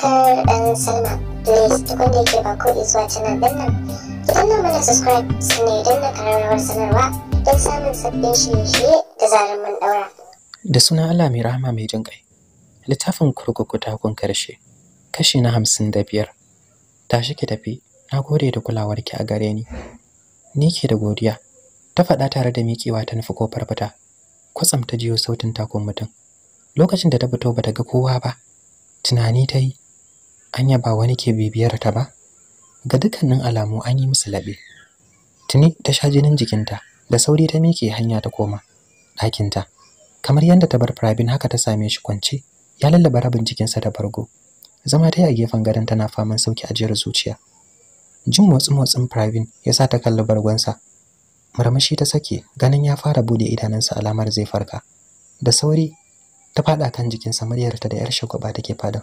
subscribe and sign up. Please ke subscribe sanarwa don samun da suna mun daura. Allah mai rahama mai jin kai. Littafin kurkuku takun karshe. Kashi na hamsin da biyar. Tashi ki tafi. Na gode da kulawarki a gare ni. Ni ke da godiya. Ta faɗa tare da miƙewa ta nufi kofar fita. Kwatsam ta jiyo sautin takon mutum. Lokacin da ta fito bata ga kowa ba. tunani ta yi anya ba wani ke bibiyar ta ba ga dukkanin alamu an yi musu laɓe tuni ta sha jinin jikinta da sauri ta miƙe hanya ta koma ɗakinta kamar yadda ta bar firabin haka ta same shi kwance ya lallaba rabin jikinsa da bargo zama ta yi a gefen gadon tana faman sauki ajiyar zuciya jin motsi motsin firabin ya sa ta kalli bargonsa murmushi ta sake ganin ya fara bude idanunsa alamar zai farka da sauri ta faɗa kan jikinsa muryarta da yar shagwaba take fadan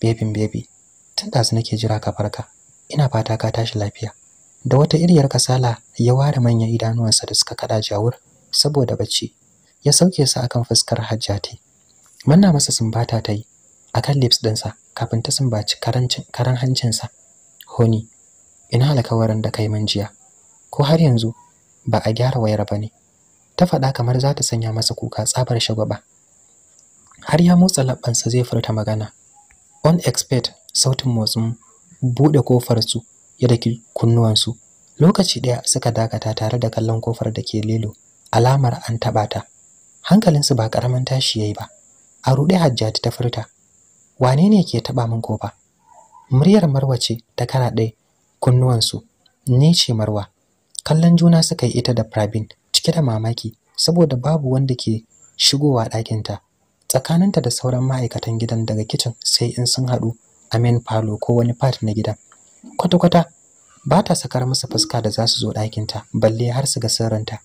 bebin bebi tun ɗazu nake jira ka farka ina fata ka tashi lafiya da wata iriyar kasala ya ware manyan idanuwansa da suka kada jawur saboda bacci ya sauke su akan fuskar hajjati manna masa sumbata ta yi akan lips ɗinsa kafin ta sumbaci karan hancinsa honi ina alkawarin da kai min jiya ko har yanzu ba a gyara wayar ba ne ta faɗa kamar za ta sanya masa kuka tsabar shagwaba har ya motsa labbansa zai furta magana on expert sautin motsin buɗe su ya daki kunnuwansu lokaci ɗaya suka dakata tare da kallon kofar da ke lilo alamar an taɓa ta hankalin su ba ƙaramin tashi yayi ba a ruɗe hajjati ta furta wane ne ke taɓa min kofa muryar marwa ce ta kana ɗaya kunnuwansu ni ce marwa kallon juna suka yi ita da Pravin cike da mamaki saboda babu wanda ke shigowa ɗakinta tsakaninta da sauran ma'aikatan gidan daga kicin sai in sun haɗu a falo ko wani part na gida kwata-kwata ba ta sakar masa fuska da za su zo ɗakinta balle har su ga sirrinta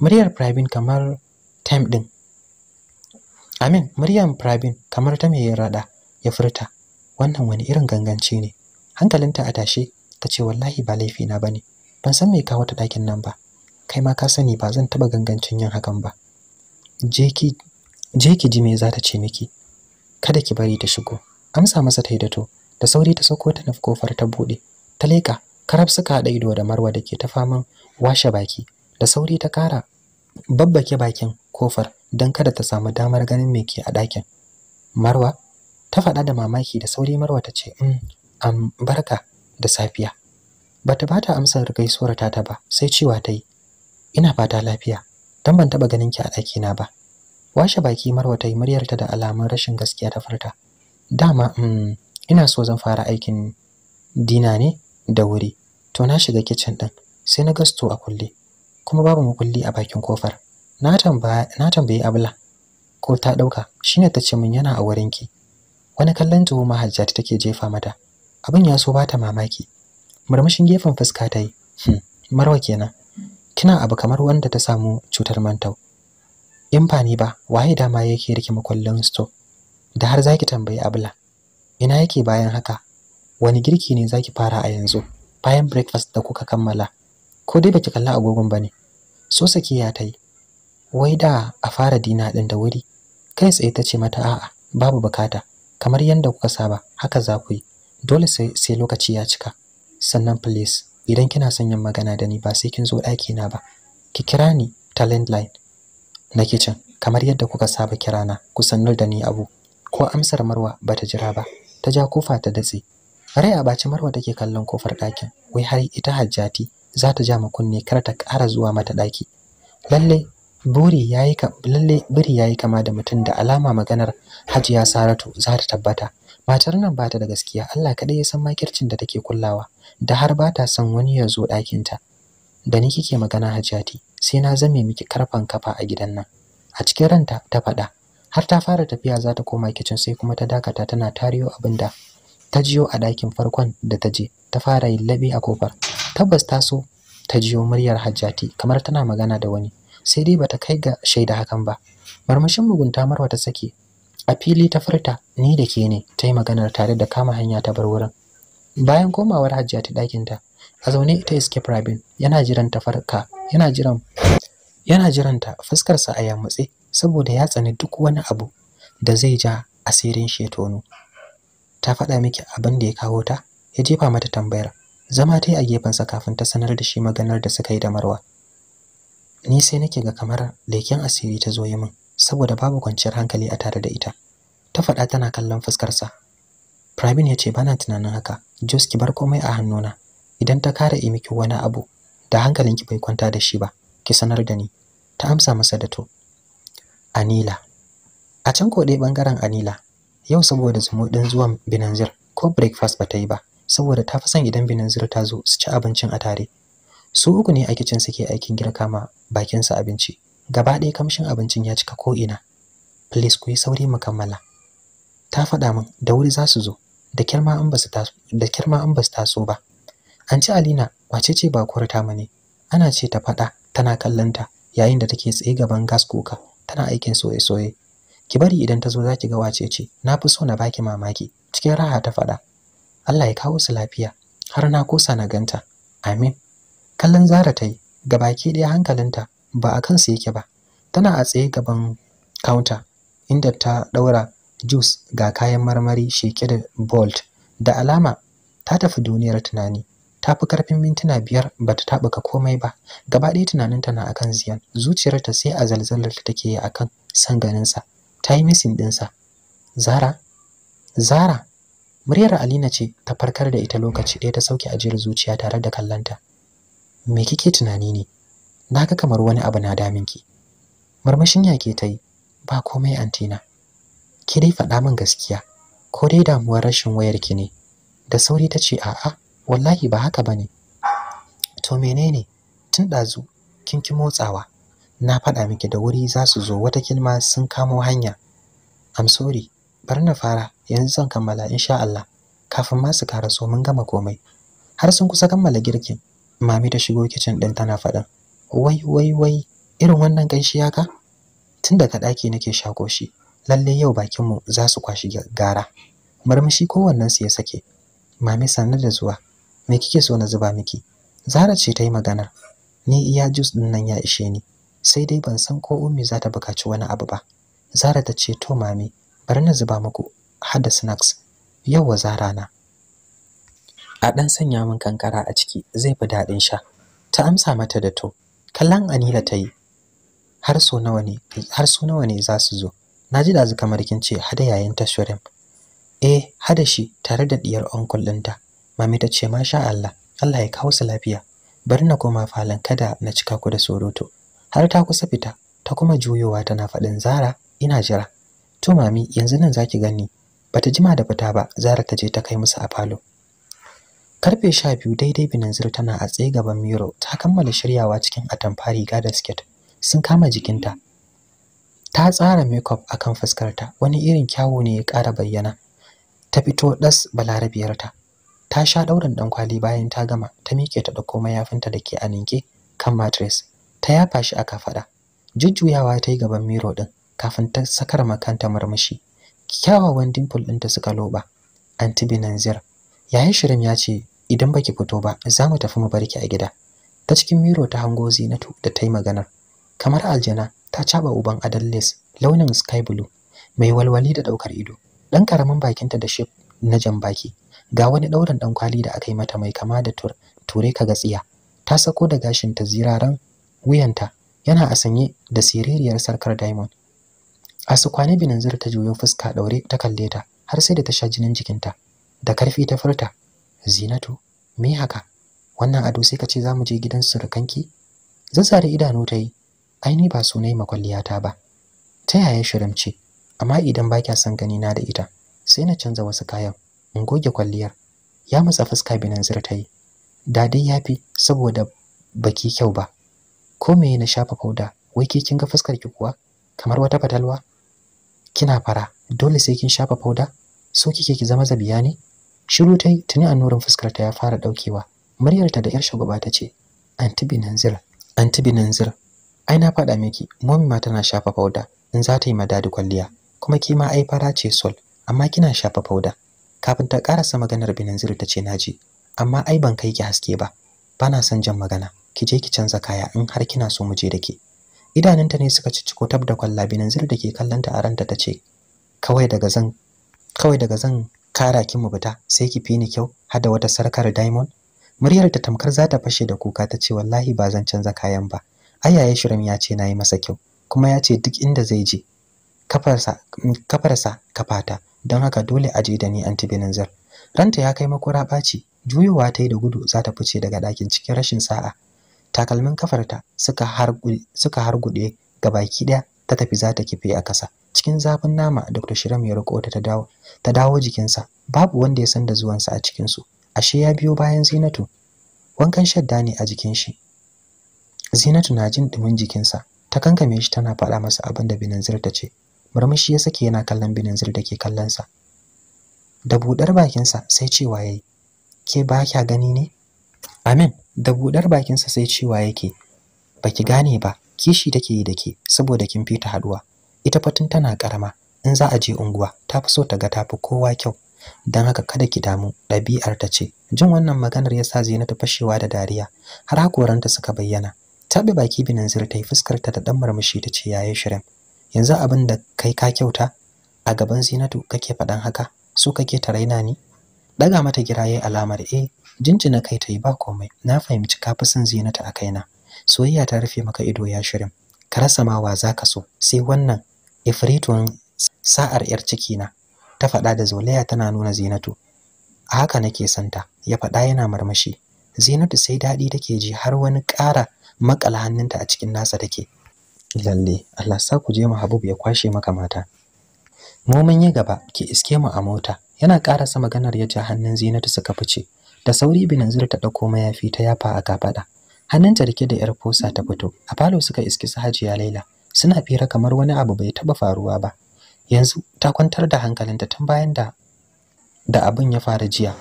muryar Pravin kamar time ɗin amin muryar Pravin kamar ta mai rada ya furta wannan wani irin ganganci ne hankalinta a tashe ta ce wallahi ba laifi na bane ban san me ka wata ɗakin nan ba kai ma ka sani ba zan taɓa gangancin yin hakan ba je ki ji me za ta ce miki kada ki bari ta shigo amsa masa ta yi da da sauri ta sauko ta nufi kofar ta buɗe ta leƙa karab suka haɗa ido da marwa da ke ta faman washe baki da sauri ta kara babbake bakin kofar don kada ta samu damar ganin me ke a ɗakin marwa ta faɗa da mamaki da sauri marwa ta ce um am barka da safiya bata bata amsar gaisuwar ta ta ba sai cewa ta yi ina fata lafiya dan ban taɓa ganin ki a ɗakina ba washe baki marwa ta yi muryarta da alamun rashin gaskiya ta furta dama um, ina so zan fara aikin dina ne da wuri to na shiga kitchen din sai na ga a kulle kuma babu makulli a bakin kofar na tambaya na tambayi abla ko ta dauka shine ta ce min yana a wurin ki wani kallon tuwo mahajjat take jefa mata abin ya so bata mamaki murmushin gefen fuska ta yi hmm. marwa kenan kina abu kamar wanda ta samu cutar mantau in ba ni ba waye dama yake rike makullin sto da har zaki tambayi abla ina yake bayan haka wani girki ne zaki fara a yanzu bayan breakfast da kuka kammala ko dai baki kalla agogon bane so saki ya tai wai da a fara dina din da wuri kai tsaye ta ce mata a'a babu bukata kamar yanda kuka saba haka za ku yi dole sai sai lokaci ya cika sannan please idan kina son yin magana da ni ba sai kin zo ɗaki na ba ki kira ni talent line. na kitchen kamar yadda kuka saba kirana ku sanar da ni abu ko amsar Marwa bata jira ba ta ja kofa ta datse rai a baci Marwa take kallon kofar ɗakin wai har ita Hajjati za ta ja makunne kar ta ƙara zuwa mata ɗaki lalle buri yayi ka lalle buri yayi kama da mutum da alama maganar Hajiya Saratu za ta tabbata matar nan bata da gaskiya Allah kaɗai ya san makircin da take kullawa da har bata son wani ya zo ɗakinta da ni kike magana Hajjati sai na zame miki karfan kafa a gidan nan a cikin ranta ta faɗa har ta fara tafiya za ta koma kicin sai kuma ta dakata tana tariyo abin da ta jiyo a dakin farkon da ta je ta fara yin laɓe a kofar tabbas ta so ta jiyo muryar hajjati kamar tana magana da wani sai dai bata kai ga shaida hakan ba marmashin mugunta marwa ta sake a fili ta furta ni da ke ne ta yi maganar tare da kama hanya ta bar wurin bayan komawar hajjati ɗakinta a zaune ita iske Rabin yana jiran ta farka yana jiran yana jiran ta fuskar sa a yammutse saboda ya tsani duk wani abu da zai ja asirin shi ya tono ta faɗa miki abin da ya kawo ta ya jefa mata tambayar zama ta yi a gefensa kafin ta sanar da shi maganar da suka yi da marwa ni sai nake ga kamar leken asiri ta zo yi min saboda babu kwanciyar hankali a tare da ita ta faɗa tana kallon fuskarsa Pravin ya ce bana tunanin haka Jos ki bar komai a hannuna idan ta kare miki wani abu da hankalinki bai kwanta da shi ba ki sanar da ni ta amsa masa da to Anila. A can ko dai bangaren Anila, yau saboda zumuɗin zuwan Binanzir ko breakfast ba ta yi ba, saboda ta fi son idan Binanzir ta zo su ci abincin a tare. Su uku ne a kicin suke aikin girka ma bakinsa abinci. Gaba ɗaya kamshin abincin ya cika ko'ina. Please ku yi sauri mu kammala. Ta faɗa min da wuri za su zo, da kirma ma in ba su taso ba. An ci Alina wace ce bakuwar ta mani? Ana ce ta faɗa tana kallon ta yayin da take tsaye gaban gas kuka. tana aikin soye-soye ki bari idan ta zo za ki ga wace ce na fi so na baki mamaki cikin raha ta faɗa Allah ya kawo su lafiya har na kosa na ganta amin kallon zara ta yi ga baki ɗaya hankalinta ba a kansu yake ba tana a tsaye gaban kaunta, inda ta ɗaura juice ga kayan marmari sheke da bolt da alama ta tafi duniyar tunani ta fi karfin mintuna biyar ba ta taɓuka komai ba gaba ɗaya tunaninta na akan ziyan zuciyarta sai a zalzalar ta take yi akan san ganinsa ta yi misin ɗinsa zara zara muryar alina ce ta farkar da ita lokaci ɗaya ta sauke ajiyar zuciya tare da kallanta me kike tunani ne na ga kamar wani abu na daminki marmashin yake ta yi ba komai antina ki dai faɗa min gaskiya ko dai damuwar rashin wayarki ne da sauri ta ce a'a wallahi ba haka bane to menene tun ɗazu kin ki motsawa na faɗa miki da wuri za su zo wata kilma sun kamo hanya i'm sorry bari na fara yanzu zan kammala insha Allah kafin ma su karaso mun gama komai har sun kusa kammala girkin mami ta shigo kitchen din tana faɗin wai wai wai irin wannan kanshi haka tun daga ɗaki nake shako shi lalle yau bakinmu za su kwashi gara murmushi kowannen su ya sake mami sanar da zuwa me kike so na zuba miki Zara ce ta yi maganar ni iya jus din nan ya ishe ni sai dai ban san ko ummi za ta bukaci wani abu ba Zara ta ce to mami bari na zuba muku har da snacks wa Zara na a dan sanya min kankara a ciki zai fi daɗin sha ta amsa mata da to kallon Anila ta yi har so nawa ne har so nawa ne za su zo naji dazu kamar kin ce hada yayin tashirin eh hada shi tare da diyar uncle ɗinta mami ta ce masha Allah Allah ya kawo su lafiya bari na koma falon kada na cika ku da soroto har ta kusa fita ta kuma juyowa tana faɗin Zara ina jira to mami yanzu nan zaki gani bata jima da fita ba Zara ta je ta kai musu a falo karfe 12 daidai Binanzir tana a tsaye gaban Miro ta kammala shiryawa cikin atamfa riga da sket sun kama jikinta ta tsara makeup kan fuskarta wani irin kyawu ne ya ƙara bayyana ta fito das balarabiyarta ta sha ɗaurin ɗankwali bayan ta gama ta miƙe ta ɗauko mayafinta da ke a ninke kan matres ta yafa shi a kafaɗa jujjuyawa ta yi gaban miro ɗin kafin ta sakar makanta marmashi kyawawan ɗin ɗinta suka loba anti binanzir yayin shirin ya ce idan baki fito ba za mu tafi mu barki a gida ta cikin miro ta hango zinatu da ta yi maganar kamar aljana ta caba uban adalles launin sky blue mai walwali da ɗaukar ido ɗan karamin bakinta da shef na jan baki ga wani ɗaurin ɗankwali da aka yi mata mai kama da ture ka ga tsiya ta sako da gashinta ziraren wuyanta yana a sanye da siririyar sarkar diamond a su kwane binanzir ta juyo fuska ɗaure ta kalle ta har sai da ta sha jinin jikinta da karfi ta furta zinatu me haka wannan ado sai ka ce za mu je gidan surukanki zazzare idanu ta yi aini ba sunai makwalliyata ba ta yaya shirimce amma idan ba kya son gani na da ita sai na canza wasu kayan in goge kwalliyar ya matsa fuska binan zir ta yi da dai yafi saboda baki kyau ba ko me na shafa fauda wai ke kin ga fuskar ki kuwa kamar wata fatalwa kina fara dole sai kin shafa fauda so kike ki zama zabiya ne shiru tai tuni annurin fuskar ta ya fara daukewa muryar ta da yar shugaba ta ce anti binanzir anti binanzir ai na faɗa miki mommy ma tana shafa fauda in za ta yi madadi kwalliya kuma kima ai fara ce sol amma kina shafa fauda kafin ta karasa maganar Binanzir ta ce naji amma ai ban kai ki haske ba bana son jan magana ki je ki canza kaya in har kina so mu je da idanunta ne suka cicciko tab da kwalla Binanzir da ke kallon a ranta ta ce kawai daga zan kawai daga zan kara ki mu bita sai ki fini kyau har da wata sarkar diamond muryar ta tamkar za ta fashe da kuka ta ce wallahi ba zan canza kayan ba ayaye shirin ya ce nayi masa kyau kuma ya ce duk inda zai je kafarsa kafarsa kafata don haka dole a je da ni anti binanzir Ranta ya kai makura ɓaci, juyowa ta yi da gudu za ta fice daga ɗakin cikin rashin sa'a. Takalmin kafarta suka harguɗe ga baki ɗaya ta tafi za ta kife a ƙasa. Cikin zafin nama Dr. Shiram ya riko ta dawo ta dawo jikinsa. Babu wanda ya san da zuwansa a cikinsu. Ashe ya biyo bayan Zinatu. Wankan shadda ne a jikin shi. Zinatu na jin dumin jikinsa. Ta kankame shi tana faɗa masa abin da binanzir ta ce. murmushi ya sake yana kallon Binanzir da kallon sa da budar bakinsa sai cewa yayi ke ba kya gani ne amin da budar bakinsa sai cewa yake baki gane ba kishi take yi dake saboda kin fita haduwa ita fatin tana karama in za a je unguwa ta fi so ta ga tafi kowa kyau Dan haka kada ki damu ɗabi'ar ta ce jin wannan maganar yasa ta fashewa da dariya har hakoranta suka bayyana tabe baki Binanzir ta yi fuskar ta da dan murmushi ta ce yayi shirin yanzu abin da kai ka kyauta a gaban Zinatu kake faɗan haka so kake ta raina ni daga mata giraye alamar eh jinjina kai ta yi ba komai na fahimci ka fi son Zinatu a kaina soyayya ta rufe maka ido ya shirin ka rasa ma wa ka so sai wannan ifritun sa'ar yar ciki na ta faɗa da zolaya tana nuna Zinatu a haka nake santa ya faɗa yana marmashi Zinatu sai daɗi take ji har wani ƙara maƙala hannunta a cikin nasa take lalle Allah sa ku je mu Habib ya kwashe maka mata mu mun yi gaba ke iske mu a mota yana ƙara sa maganar ya ja hannun Zinatu suka fice da sauri Binanzir ta dauko mayafi ta yafa a Hannun hannunta rike da yar fosa ta fito a falo suka iske su Hajiya Laila suna fira kamar wani abu bai taba faruwa ba yanzu ta kwantar da hankalinta tun bayan da da abin ya fara jiya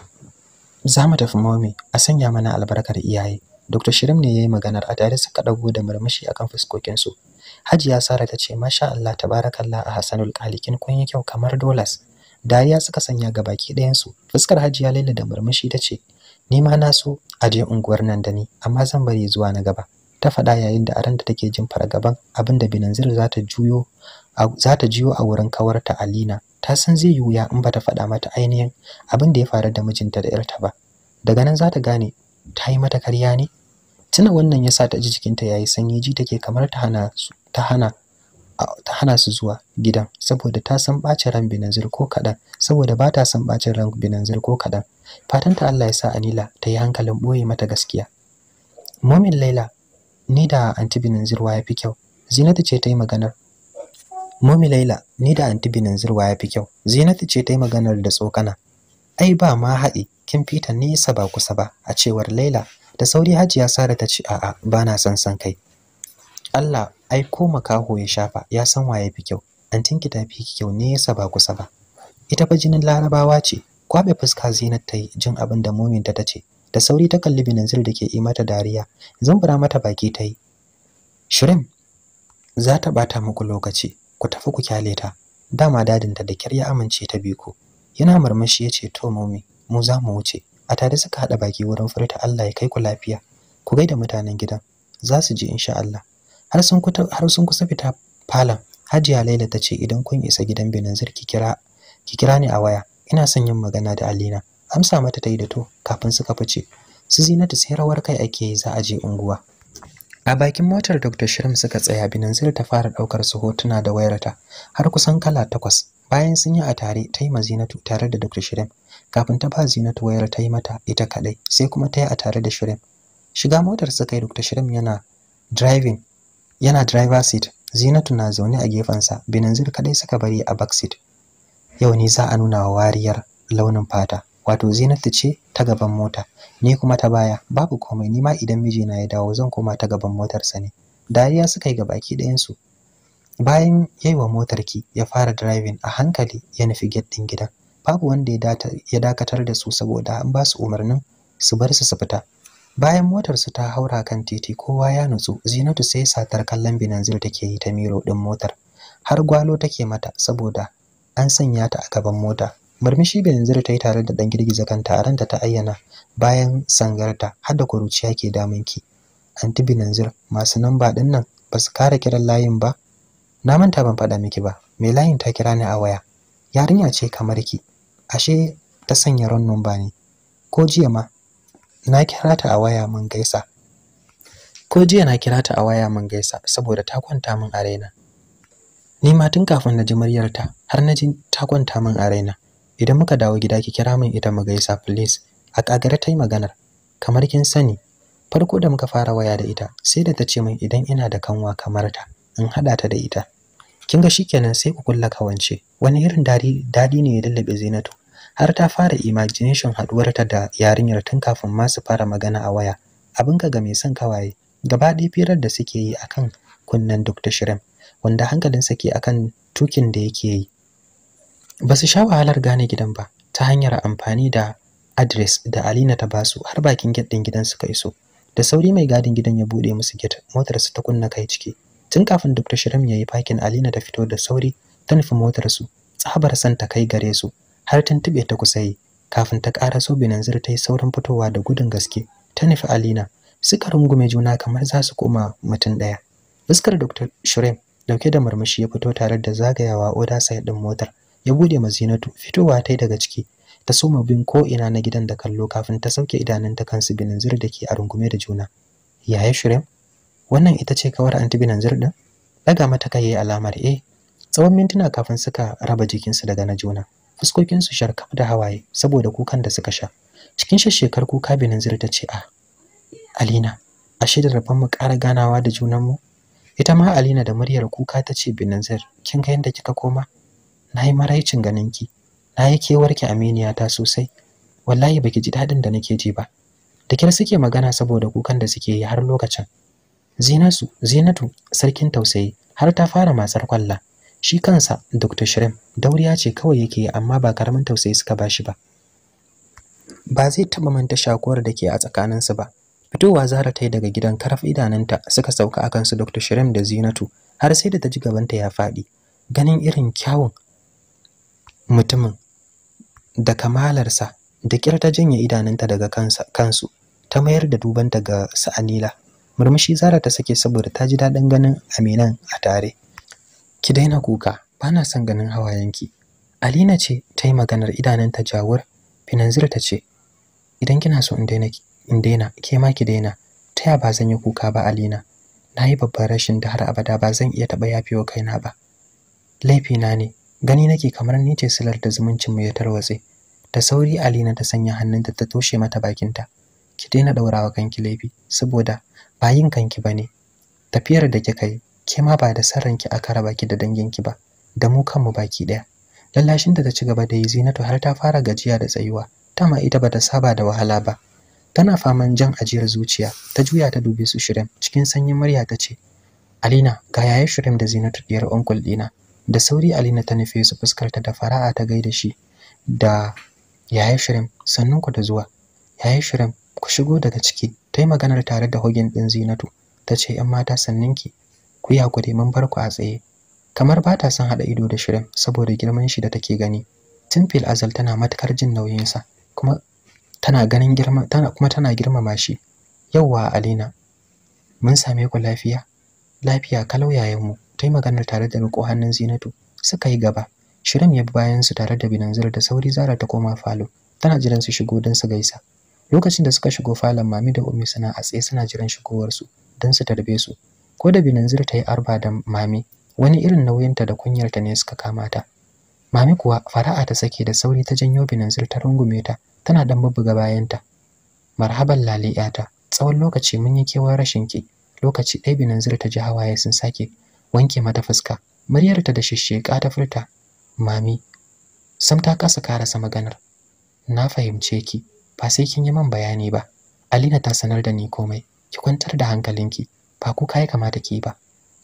za mu tafi momi a sanya mana albarkar iyaye Dr. Shirim ne ya yi maganar a tare suka ɗago da murmushi akan fuskokinsu. Hajiya Sara ta ce masha Allah tabarakallah a Hasanul Kalikin kun yi kyau kamar dolas. Dariya suka sanya ga baki ɗayan su. Fuskar Hajiya Laila da murmushi ta ce ni ma na so a je unguwar nan da ni amma zan bari zuwa na gaba. Ta faɗa yayin da aranta take jin fara gaban abin da Binanzir za ta juyo jiyo a wurin kawarta Alina. Ta san zai yi wuya in ba ta faɗa mata ainihin abin da ya faru da mijinta da 'yarta ba. Daga nan za ta gane ta yi mata karya ne tuna wannan ya sa ta ji jikinta yayi sanyi ji take kamar ta hana su ta hana su zuwa gidan saboda ta san bacin ran binanzir ko kaɗan saboda ba ta san bacin ran binanzir ko fatanta Allah ya sa Anila ta yi hankalin ɓoye mata gaskiya Momin Laila ni da anti binanzir wa yafi kyau Zinatu ce ta yi maganar Momi Laila ni da anti binanzir wa yafi kyau Zinatu ce ta yi maganar da tsokana ai ba ma haɗi kin fita nesa ba kusa ba a cewar Laila da sauri hajiya sara ta ce a'a bana na son san kai Allah ai ko makaho ya shafa ya san waye fi kyau ki ta fi kyau ne ya ba kusa ba ita fa jinin larabawa ce kwabe fuska zinat ta jin abin da mominta ta ce da sauri ta kalli binanzir da ke yi mata dariya zambura mata baki ta yi shirin za ta bata muku lokaci ku tafi ku kyale ta dama dadinta da kyar ya amince ta ku yana murmushi ya ce to momi mu za mu wuce a tare suka haɗa baki wurin furta Allah ya kai ku lafiya ku gaida mutanen gidan za su je insha Allah har sun kuta har sun kusa fita falon Hajiya Laila ta ce idan kun isa gidan Benin Zirki kira ki kira ni a waya ina son yin magana da Alina amsa mata ta yi da to kafin suka fice su zinata sai rawar kai ake yi za a je unguwa a bakin motar Dr. Shirim suka tsaya Binanzir ta fara daukar su hotuna da wayarta har kusan kala takwas bayan sun yi a tare ta yi mazinatu tare da Dr. Shirim kafin ta ba Zinatu wayar ta yi mata ita kadai sai kuma ta yi a tare da Shirin shiga motar suka yi Dr. Shirin yana driving yana driver seat Zinatu na zaune a sa. Binanzir kadai suka bari a back seat yau ne za a nuna wa wariyar launin fata wato Zinatu ce ta gaban mota ni kuma ta baya babu komai ni ma idan mijina ya dawo zan koma ta gaban motarsa ne dariya suka yi gabaki ɗayan su bayan yayi wa motarki, ya fara driving a hankali ya nufi gate din gidan babu wanda ya dakatar da su saboda an ba su umarnin su bar su su fita bayan motar su ta haura kan titi kowa ya nutsu zinatu sai satar kallon binanzir take yi ta miro din motar har gwalo take mata saboda an sanya ta a gaban mota murmushi binanzir ta yi tare da dan girgiza kanta ranta ta ayyana bayan sangarta har da kuruciya ke ki. anti binanzir masu namba din nan ba su kara kiran layin ba na manta ban faɗa miki ba mai layin ta kira ni a waya yarinya ce kamar ki ashe ta sanya ran numba ne ko jiya ma na kira ta a waya mun gaisa ko jiya na kira ta a waya mun gaisa saboda ta kwanta min a raina ni ma tun kafin na ji muryarta har na ji ta kwanta min a raina idan muka dawo gida ki kira min ita mu gaisa please a kagare ta yi maganar kamar kin sani farko da muka fara waya da ita sai da ta ce min idan ina da kanwa kamar ta in haɗa ta da ita kin ga shikenan sai ku kulle kawance wani irin dadi dadi ne ya dallabe Zinatu. har ta fara imagination haɗuwarta da yarinyar tun kafin ma su fara magana a waya abin ka ga mai son kawaye gaba ɗaya firar da suke yi akan kunnen Dr. shirin wanda hankalinsa ke akan tukin da yake yi ba su sha wahalar gane gidan ba ta hanyar amfani da adres da Alina ta basu har bakin gidan gidan suka iso da sauri mai gadin gidan ya bude musu gate motar su ta kunna kai ciki tun kafin Dr. ya yi fakin Alina ta fito da sauri ta nufi motar su tsabar san ta kai gare su har tun tube ta kusa kafin ta ƙara so binanzir ta yi saurin fitowa da gudun gaske ta nufi alina suka rungume juna kamar za su koma mutum ɗaya fuskar dr shrem dauke da murmushi ya fito tare da zagayawa oda sai ɗin motar ya bude mazinatu, fitowa ta daga ciki ta soma bin ko ina na gidan da kallo kafin ta sauke idanun ta kansu binanzir da ke a rungume da juna yaya shurem wannan ita ce kawar anti binanzir ɗin daga mata kai alamar eh tsawon mintuna kafin suka raba jikinsu daga na juna fuskokin su sharka da hawaye saboda kukan da suka sha cikin shekar kuka binin binanzir ta ce a ah, alina ashe da rabon mu ƙara ganawa da junanmu ita ma alina da muryar kuka ta ce binin binanzir kin ga yadda kika koma nayi maraicin ganinki na yi kewarki aminiya ta sosai wallahi baki ji dadin da nake ji ba da kyar suke magana saboda kukan da suke yi har lokacin zinasu zinatu sarkin tausayi har ta fara masar kwalla shi kansa Dr. Shirem dauriya ce kawai yake yi amma ba karamin tausayi suka bashi ba ba zai taba manta shakuwar da ke a tsakaninsu ba fitowa Zara ta yi daga gidan karaf idananta suka sauka a kansu Dr. Shirem da Zinatu har sai da ta ji gabanta ya faɗi ganin irin kyawun mutumin da kamalarsa da kyar ta janye idananta daga kansu ta mayar da dubanta ga Sa'anila murmushi Zara ta sake saboda ta ji daɗin ganin Aminan a tare ki daina kuka bana son ganin hawayenki alina ce ta yi maganar idananta jawur finanzir ta ce idan kina so in daina ke ma ki daina ta ya ba zan yi kuka ba alina na yi babban rashin da har abada ba zan iya taɓa yafewa kaina ba laifina ne gani nake kamar ni ce silar da zumuncinmu ya tarwatse da sauri alina ta sanya hannunta ta toshe mata bakinta ki daina ɗaurawa kanki laifi saboda ba yin kanki ba ne tafiyar da kika yi ke ma ba da saranki aka raba ki da danginki ba da mu kanmu baki daya lallashin da ta ci gaba da yi Zinatu har ta fara gajiya da tsayuwa tama ita ba ta saba da wahala ba tana faman jan ajiyar zuciya ta juya ta dubi su shirin, cikin sanyin murya ta ce Alina ga yaya shirin da Zinatu diyar onkul dina da sauri Alina ta nufe su fuskarta da fara'a ta gaida shi da yaya shirin sannun ku da zuwa yaya shirin ku shigo daga ciki ta yi maganar tare da hogin ɗin Zinatu ta ce ‘yan mata ki. ku yi hakuri mun bar ku a tsaye kamar ba ta son haɗa ido da shirin saboda girman shi da take gani tun fil azal tana matukar jin nauyinsa kuma tana ganin girma tana kuma tana girmama shi yauwa alina mun same ku lafiya lafiya kalau yayanmu ta yi maganar tare da riko hannun zinatu suka yi gaba shirin ya bi bayan su tare da binanzir da sauri zara ta koma falo tana jiran su shigo don su gaisa lokacin da suka shigo falon mami da umi suna a tsaye suna jiran shigowarsu don su tarbe su ko da binanzir ta yi arba da mami wani irin nauyinta da kunyarta ne suka kamata. mami kuwa fara'a ta sake da sauri ta janyo binanzir ta rungume ta tana dan bubbuga bayanta marhaban lale yata tsawon lokaci mun yi kewar rashin ki lokaci ɗaya binanzir ta ji hawaye sun sake wanke mata fuska muryarta da shishsheka ta furta mami sam ta kasa karasa maganar na fahimce ki ba sai kin yi man bayani ba alina ta sanar da ni komai ki kwantar da hankalinki ba kuka ya kamata ki ba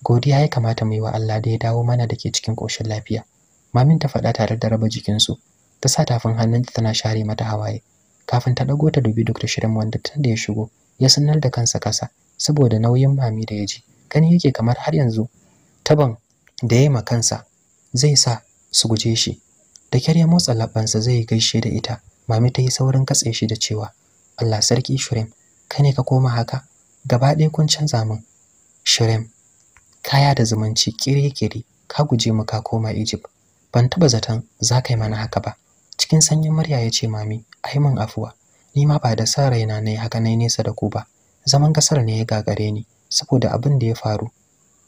godiya ya kamata mu yi wa Allah da ya dawo mana da ke cikin koshin lafiya mamin ta faɗa tare da raba jikinsu ta sa tafin hannunta tana share mata hawaye kafin ta ɗago ta dubi Dr. Shirin wanda tun da ya shigo ya sanar da kansa kasa saboda nauyin mami da ya ji gani yake kamar har yanzu taban da ya ma kansa zai sa su guje shi da kyar ya motsa labbansa zai gaishe da ita mami ta yi saurin katse shi da cewa Allah sarki Shirin ka ne ka koma haka gaba ɗaya kun canza min shirim kaya da zumunci kirikiri ka guje mu ka koma Egypt ban taba zaton za ka yi mana haka ba cikin sanyin murya ya ce mami ai min afuwa ni ma ba da sa raina ne haka nai nesa da ku ba zaman kasar ne ya gagare ni saboda abin da ya faru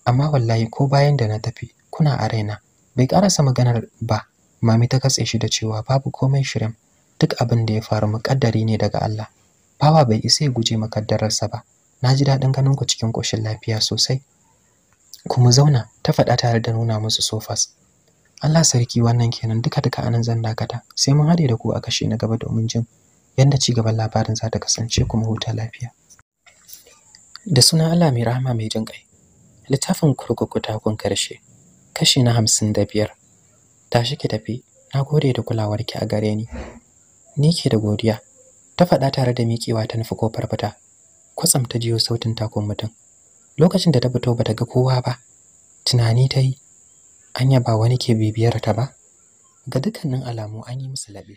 amma wallahi ko bayan da na tafi kuna a raina bai karasa maganar ba mami ta katse shi da cewa babu komai shirin duk abin da ya faru muƙaddari ne daga Allah bawa bai isa ya guje makaddararsa ba na ji daɗin ganin ku cikin ƙoshin lafiya sosai ku mu zauna ta faɗa tare da nuna musu sofas Allah sarki wannan kenan duka duka anan zan dakata sai mun haɗe da ku a kashe na gaba domin jin yadda ci gaban labarin za ta kasance kuma huta lafiya da suna Allah mai rahama mai jin kai littafin kurkuku ta kun karshe kashi na hamsin da biyar tashi ki tafi na gode da kulawarki a gare ni ni ke da godiya ta faɗa tare da miƙewa ta nufi kofar fita kwatsam ta jiyo sautin takon mutum lokacin da ta fito bata ga kowa ba tunani ta yi anya ba wani ke bibiyar ta ba ga dukkanin alamu an yi musu labe